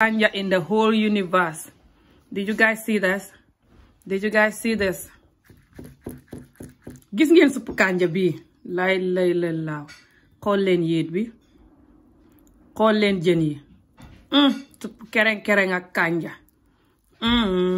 ganja in the whole universe. Did you guys see this? Did gis ngeen suppu kànja bi lay lay lay laaw xool leen yéet bi xool leen jën yi hmm, suppu kereng kereng ak kanja hmm.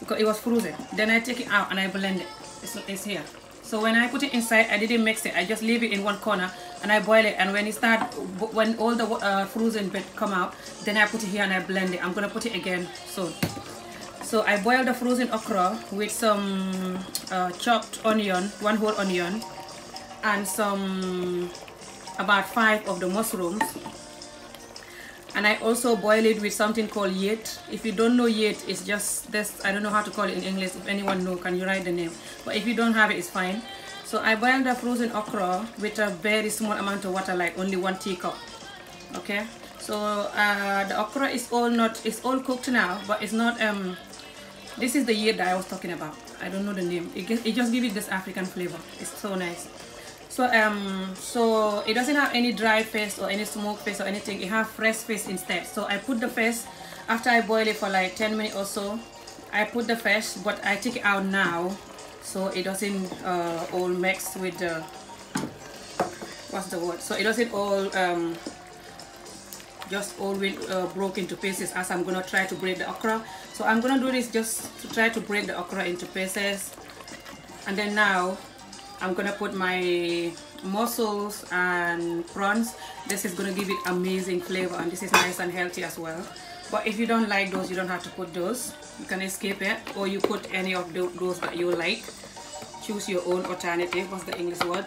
because it was frozen. Then I take it out and I blend it. It's, it's here. So when I put it inside, I didn't mix it. I just leave it in one corner and I boil it. And when it start, when all the uh, frozen bit come out, then I put it here and I blend it. I'm gonna put it again soon. So I boil the frozen okra with some uh, chopped onion, one whole onion, and some about five of the mushrooms and I also boil it with something called yet. If you don't know yet, it's just this, I don't know how to call it in English. If anyone know, can you write the name? But if you don't have it, it's fine. So I boil the frozen okra with a very small amount of water, like only one teacup, okay? Uh, okra is all not, cooked now, but it's not, um, this is that I was talking about. I don't know the name. It, just gives it this African flavor. It's so nice. so um so it doesn't have any dry face or anything it have fresh face instead so i put the face after i boil it for like minutes or so i put the fish but i take it out now so it doesn't uh, all mix with the what's it doesn't all um, just all will uh, broke into pieces as i'm gonna try to try to break the okra into pieces and then now I'm gonna put my mussels and prawns this is gonna give it amazing flavor and this is nice and healthy as well but if you don't like those you don't have to put those you can skip it or you put any of those that you like choose your own alternative what's the English word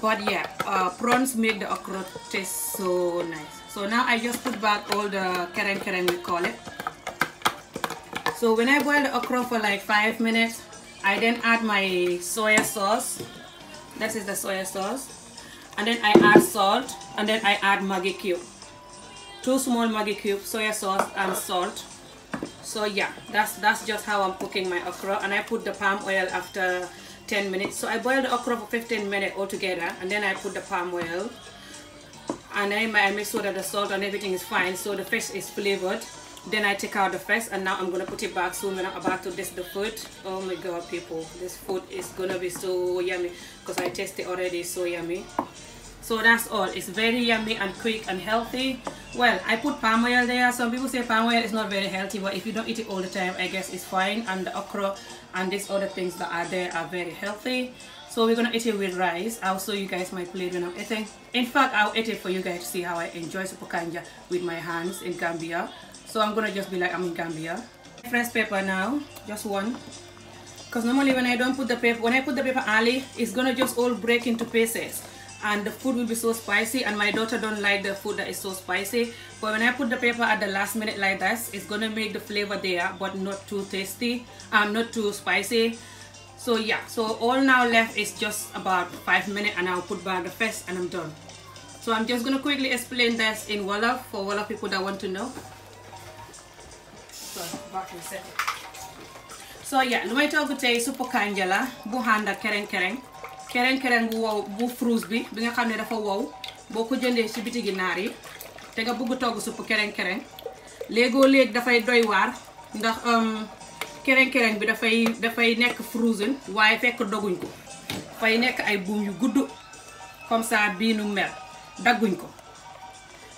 but yeah uh, prawns make the okra taste so nice so now I just put back all the keren keren we call it so when I boil the okra for like five minutes I then add my soya sauce. This is the soya sauce. And then I add salt. And then I add Maggi cube. Two small Maggi cube, sauce and salt. So yeah, that's, that's just how I'm cooking my okra. And I put the palm oil after 10 minutes. So I boil the okra for 15 minutes altogether. And then I put the palm oil. And then I make sure that the salt and everything is fine. So the fish is flavored. then I take out the first and now I'm gonna put it back soon when I'm about to taste the food oh my god people this food is gonna be so yummy because I tasted already so yummy so that's all it's very yummy and quick and healthy well I put palm oil there some people say palm oil is not very healthy but if you don't eat it all the time I guess it's fine and the okra and these other things that are there are very healthy so we're gonna eat it with rice I'll show you guys my plate when I'm eating in fact I'll eat it for you guys to see how I enjoy supakanja with my hands in Gambia So I'm gonna just be like I'm in Gambia. Fresh paper now, just one. Because normally when I don't put the paper, when it's gonna just all break into pieces and the food will be so spicy and my daughter don't like the food that is so spicy but when I put the pepper at the last minute like that it's gonna make the flavor there but not too tasty um not too spicy so yeah so all now left is just about five minutes and I'll put back the and I'm gonna to know back in so yeah lu may togg tey suppu kànja la bu ànd ak kereng kereng kereng kereng bu wow bu fruits bi bi nga xam ne dafa wow boo ko jëndee ci biti gi naar yi te nga bëgg togg suppu kereng kereng léegoo léeg dafay doy waar ndax kereng um, kereng bi dafay dafay nekk frozen waaye fekk doguñ ko fay nekk ay buum yu gudd comme ça bii nu mel dagguñ ko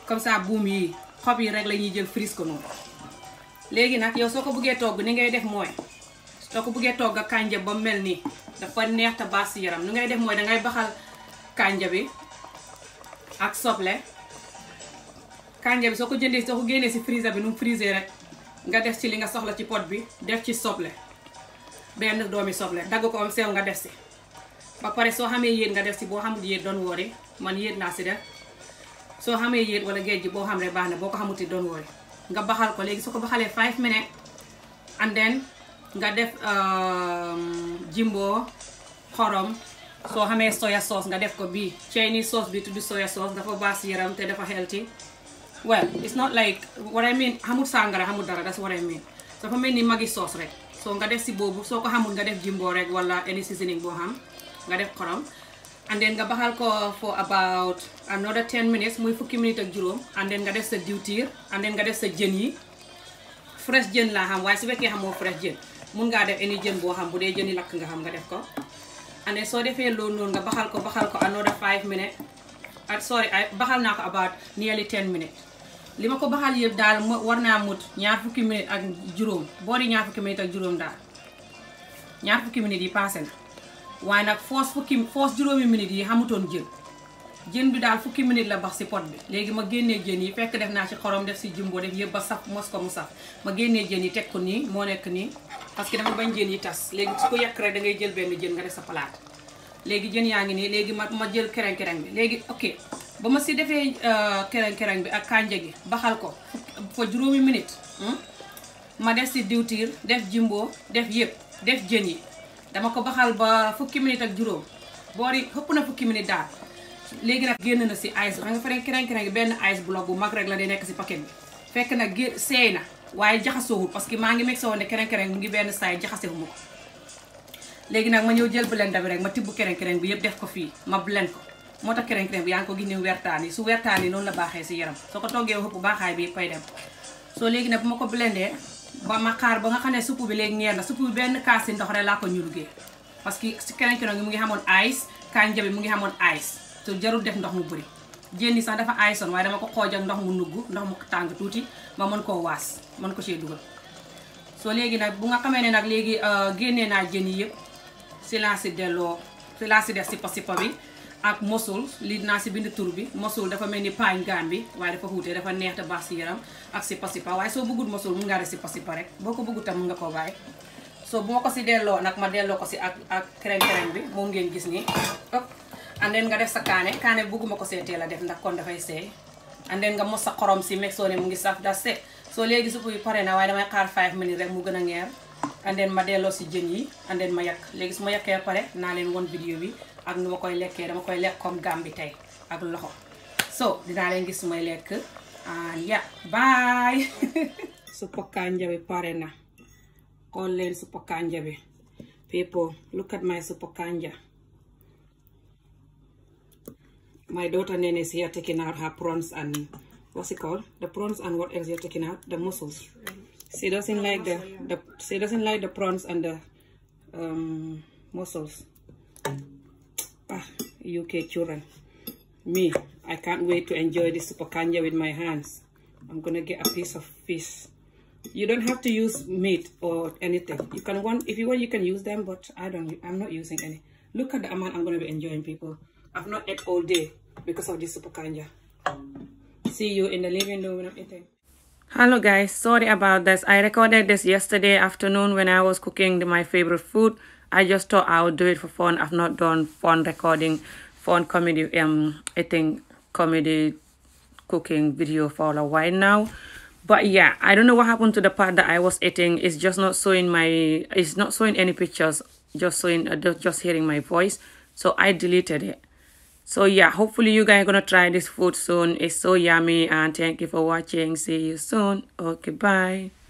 comme ça buum yi xob yi rek la ñuy jël frise ko noonu léegi nag yow soo ko buggee togg ni ngay def mooy soo ko buggee togg ak kànja ba mel nii dafa neex te baax yaram ni ngay def mooy dangay baxal kànja bi ak soble kànja bi soo ko jëndee soo ko génnee si freezer bi nu mu rek nga def ci li nga soxla ci pot bi def ci soble benn doomi soble dagg ko am sew nga def si ba pare soo xamee yéet nga def si boo xamul yéet doon woori man yéet naa si def soo xamee yéet wala géej boo xam ne baax na boo ko xamuti doon woori nga baxal ko léegi su ko baxalee 5 minutes and then nga def um, jimboo xorom soo xamee soya sauce nga def ko bii Chinese sauce bi tudd soya sauce dafa baas yaram te dafa healthy well it's not like what I mean xamul sàngara xamul dara that's what I mean dafa mel ni magi sauce rek soo nga def si boobu soo ko xamul nga def jimbo rek wala any seasoning boo xam nga def xorom and then nga baxal ko for about another 10 minutes muy fukki minute ak juróom and then nga def sa diwtiir and then nga def sa jën yi fresh jën laa xam waaye su fekkee xamoo fresh jën mun ngaa def any jën boo xam bu dee jën yi lakk nga xam nga def ko and then soo defee loolu noonu nga baxal ko baxal ko another 5 minutes at ah, sorry ay baxal naa ko about nearly 10 minutes li ma ko baxal yëpp daal war naa mut ñaar fukki minute ak juróom boo di ñaar juróom daal ñaar fukki waaye nag foos fukki foos juróomi minutes yi xamutoon jën jën bi daal fukki minutes la bax si pot bi léegi ma génnee jën yi fekk def naa ci xorom def si jumbo def yëpp ba saf mos ko mu saf ma génnee jën yi teg ko nii moo nekk nii parce que dafa bañ jën yi tas léegi su ko yàq jël benn jën sa palaat léegi jën yaa ngi nii léegi ma ma jël kereng kereng bi léegi ok ba ma si defee euh, kereng kereng bi ak kànja gi baxal ko fa juróomi minutes hmm? ma def si diwtiir def jumbo def yëpp def jën yi dama ko baxal ba fukki minute ak juróom boori xëpp na fukki minute daal léegi nag génn na si ice xam nga fere kereng kereng benn ice block bu mag rek la di nekk si paquet bi fekk nag gé seey na waaye jaxasoowul parce que maa ngi meg sa woon ne kereng kereng mu ngi benn saay jaxasewuma ko léegi nag ma ñëw jël blender bi rek ma tibb kereng kereng bi yëpp def ko fii ma blend ko moo tax kereng kereng bi yaa ngi ko gis ni wertaan yi su wertaan yi la baaxee si yaram soo ko toggee xëpp baaxaay bi yëpp ay dem soo léegi ba ma xaar ba nga xam ne suppu bi léegi ñeer na suppu bi benn kaas si ndox rek laa ko ñurugee parce que si keneen keneen mu ngi xamoon ice kànja bi mu ngi xamoon ice te jarul def ndox mu bëri jénni sax dafa aysoon waaye dama ko xooj ak ndox mu nugg ndox mu tàng tuuti ma mën koo waas mën ko cee dugal soo léegi nag bu nga xamee ne nag léegi euh, génnee naa jën yi yëpp si laa si delloo si laa si def sippa sippa bi ak mosul li naa si bind tur bi mosul dafa mel ni paañ gaan bi waaye dafa xuutee dafa neex te baax si yaram ak si pasipa waaye soo bëggul mosul mun ngaa def si pasipa rek boo ko bëggut tam mun nga koo bàyyi so bu ko si delloo nag ma delloo ko ak ak crème bi moom ngeen gis nii hop andeen nga def sa kaane kaane bëgguma ko see teel def ndax kon dafay seey andeen nga sa xorom si meg soo ne mu ngi saf da se soo léegi supp yi pare na waaye damay xaar 5 minutes rek mu gën a ngeer andeen ma delloo si jën yi andeen ma yàq léegi su ma yàqee pare naa leen won vidéo bi am na ma koy lekkee dama koy lekk comme gàmm bi tey ak loxo so dinaa leen gis may lekk and ya bye kanja bi pare na xool leen suppa kanja bi people look at my suppa kanja my daughter Nene is here taking out her prawns and what's it called? and what else you're taking out? The mussels. She doesn't like the, the she doesn't like the and the um, UK children. Me, I can't wait to enjoy this super kanja with my hands. I'm gonna get a piece of fish. You don't have to use meat or anything. if you want you can use them, but I don't using any. Look at the amount I'm gonna be enjoying, people. I've not ate all day because of this super kanja. See you in the living room when i was cooking my favorite food i just thought i do it for fun i've not done fun recording fun um, comedy cooking video for a now but i don't know what happened to the part that i was eating it's just not showing any pictures uh, just hearing my voice so i deleted it so hopefully you guys gonna try this food soon it's so yummy and thank you for watching see you soon okay bye